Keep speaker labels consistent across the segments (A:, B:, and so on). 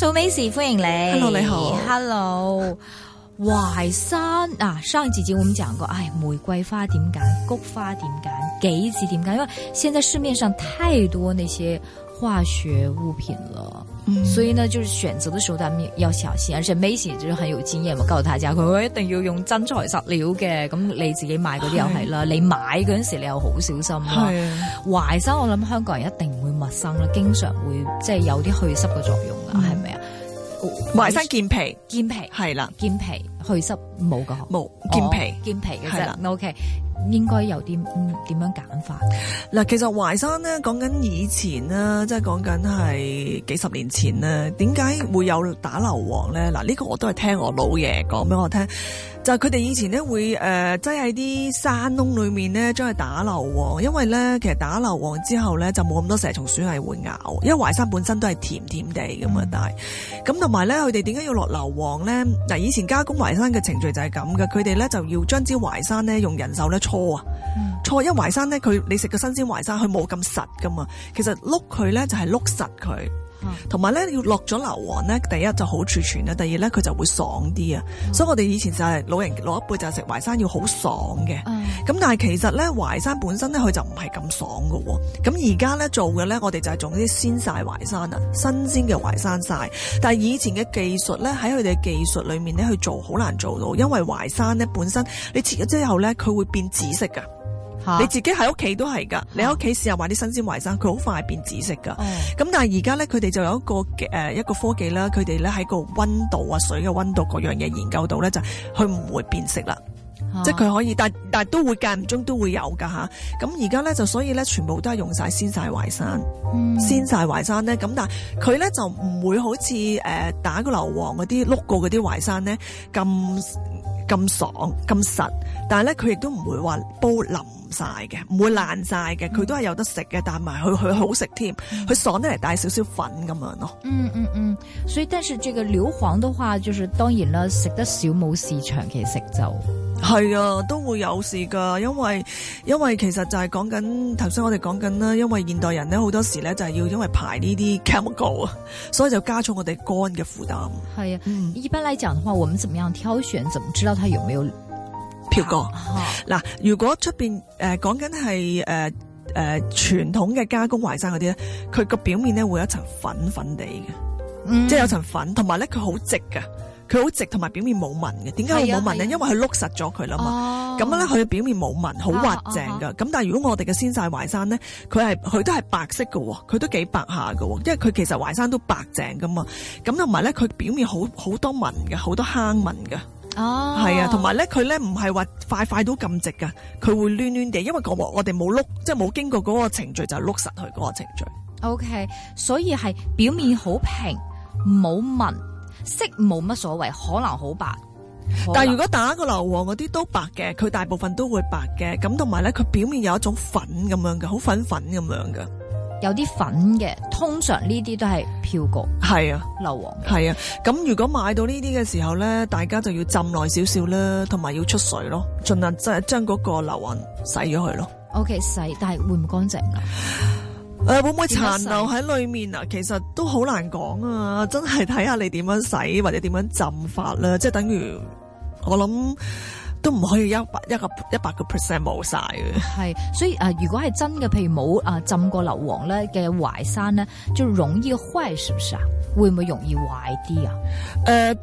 A: Hello，Macy 歡迎你，hello 你好，hello 淮山啊，上一節我們講過，唉、哎，玫瑰花點揀，菊花點揀，杞子點揀？因為現在市面上太多那些化學物品了，嗯、所以呢，就是選擇的時候，大家要小心，而且 Macy 就是很有經驗，我告訴大家佢一定要用真材實料嘅，咁你自己買嗰啲又係啦是，你買嗰陣時候你又好小心，淮山我諗香港人一定。麥生啦，經常會即係有啲祛濕嘅作用啦，係咪啊？淮山、哦、健脾，健脾係啦，健脾祛濕冇噶，冇健脾、哦、健脾嘅啫。O K。OK 應該有啲點、嗯、樣揀法？
B: 嗱，其實淮
A: 山咧講緊以
B: 前咧，即係講緊係幾十年前咧，點解會有打硫黃咧？嗱，呢個我都係聽我老爺講俾我聽，就係佢哋以前咧會誒擠喺啲山窿裏面咧，將佢打硫黃，因為咧其實打硫黃之後咧就冇咁多蛇蟲鼠蟻會咬，因為淮山本身都係甜甜地㗎嘛，但係咁同埋咧佢哋點解要落硫黃咧？嗱，以前加工淮山嘅程序就係咁㗎，佢哋咧就要將支淮山咧用人手咧。錯啊，錯。一淮山咧，佢你食個新鮮淮山，佢冇咁實噶嘛。其實碌佢咧，就係碌實佢。同埋咧，要落咗硫磺咧，第一就好儲存啦，第二咧佢就會爽啲啊、嗯。所以我哋以前就係老人老一輩就係食淮山要好爽嘅。咁、嗯、但係其實咧，淮山本身咧佢就唔係咁爽噶。咁而家咧做嘅咧，我哋就係做啲鮮曬淮山啊，新鮮嘅淮山曬。但係以前嘅技術咧，喺佢哋嘅技術裏面咧去做好難做到，因為淮山咧本身你切咗之後咧，佢會變紫色噶。你自己喺屋企都係噶，你喺屋企試下買啲新鮮淮山，佢好快變紫色噶。咁、哦、但係而家咧，佢哋就有一個誒、呃、一個科技啦，佢哋咧喺個溫度啊、水嘅溫度各樣嘢研究到咧，就佢唔會變色啦。哦、即係佢可以，但但都會間唔中都會有噶吓，咁而家咧就所以咧，全部都係用晒鮮晒淮山，嗯、鮮晒淮山咧。咁但係佢咧就唔會好似誒、呃、打個硫磺嗰啲碌過嗰啲淮山咧咁。咁爽咁實，但係咧佢亦都唔會話煲腍晒嘅，唔會爛晒嘅，佢都係有得食嘅，但係佢佢好食添，
A: 佢、嗯、爽得嚟帶少少粉咁樣咯。嗯嗯嗯，所以但是這個硫磺的話，就是當然啦，食得少冇事，長期食就，
B: 係啊，都會有事噶，因為因為其實就係講緊頭先我哋講緊啦，因為現代人咧好多時咧就係要因為排呢啲 chemical 啊，所以就加重我哋肝嘅負擔。
A: 係啊、嗯，一般嚟講嘅話，我們怎麼樣挑選，怎麼知道它有沒有
B: 漂過？嗱、啊啊，如果出邊誒講緊係誒誒傳統嘅加工淮山嗰啲咧，佢個表面咧會有一層粉粉地嘅，即、嗯、係、就是、有層粉，同埋咧佢好直嘅。佢好直同埋表面冇紋嘅，點解佢冇紋呢？啊啊、因為佢碌實咗佢啦嘛，咁、oh. 樣咧佢表面冇紋，好滑淨噶。咁、oh. oh. 但係如果我哋嘅鮮晒淮山咧，佢係佢都係白色嘅喎，佢都幾白下嘅喎，因為佢其實淮山都白淨噶嘛。咁同埋咧佢表面好好多紋嘅，好多坑紋嘅。
A: 哦，係啊，同埋
B: 咧佢咧唔係話塊塊都咁直嘅，佢會攣攣地，因為個我哋冇碌，即係冇經過嗰個程序就係碌實佢嗰個程序。
A: OK，所以係表面好平，冇、yeah. 紋。色冇乜所謂，可能好白。但係如果打個硫磺嗰啲都
B: 白嘅，佢大部分都會白嘅。咁同埋咧，佢表面有一種粉咁樣嘅，好粉粉咁樣嘅，有啲粉
A: 嘅。通常呢啲都係漂過，係啊，硫磺係啊。
B: 咁如果買到呢啲嘅時候咧，大家就要浸耐少少啦，同埋要出水咯，盡量即係將嗰個硫磺洗咗佢咯。
A: OK，洗，但係會唔乾淨啊？誒、呃，會唔會殘留喺
B: 裏面啊？其實都好難講啊，真係睇下你點樣洗或者點樣浸
A: 法啦。即係等於我諗都唔可以一百一個一百個 percent 冇晒嘅。係，所以誒、呃，如果係真嘅，譬如冇誒浸過硫磺咧嘅淮山呢，就容易壞，是唔是啊？會唔會容易壞啲啊？誒、呃。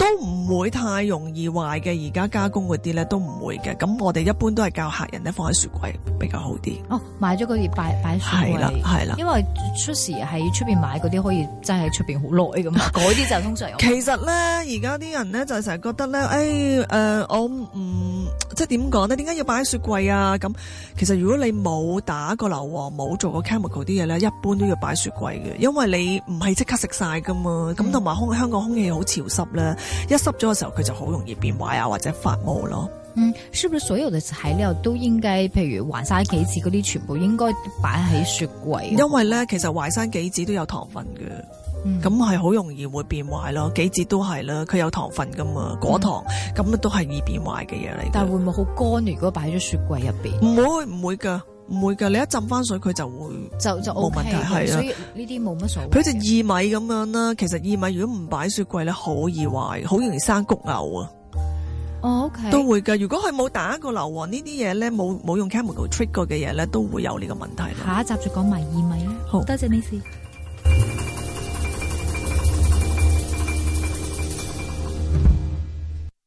B: 都唔會太容易壞嘅，而家加工嗰啲咧都唔會嘅。咁我哋一般
A: 都係教客人咧放喺雪櫃比較好啲。哦，買咗嘅嘢擺擺雪櫃。係啦，係啦。因為出時喺出面買嗰啲可以真係出面好耐嘅嘛。嗰 啲就通常用。其實咧，
B: 而家啲人咧就成日覺得咧，誒、哎，誒、呃，我唔。嗯即係點講咧？點解要擺雪櫃啊？咁其實如果你冇打過硫磺、冇做過 chemical 啲嘢咧，一般都要擺雪櫃嘅，因為你唔係即刻食晒噶嘛。咁同埋空香港空氣好潮
A: 濕咧，一濕咗嘅時候佢就好容易變壞啊，或者發毛咯。嗯，是不是所有嘅材料都應該，譬如淮山杞子嗰啲，全部應該擺喺雪櫃？因為咧，其實淮山杞子都有糖分嘅。
B: 咁係好容易會變壞咯，幾節都係啦。佢有糖分噶嘛，果糖咁都係易變壞嘅嘢嚟。但係
A: 會唔會好乾？如果
B: 擺咗雪櫃入邊，唔會唔會噶，唔會噶。你一浸翻水，佢就會就就 O K 冇問題係啦。
A: 所以呢啲冇乜所謂。好似薏
B: 米咁樣啦。其實薏米如果唔擺雪櫃咧，好易壞，好容易生谷牛啊。
A: 哦，OK。都
B: 會噶。如果佢冇打過硫磺呢啲嘢咧，冇冇用 chemical treat 過嘅嘢咧，都會有呢個問題。
A: 下一集就講埋薏米。好，多謝你。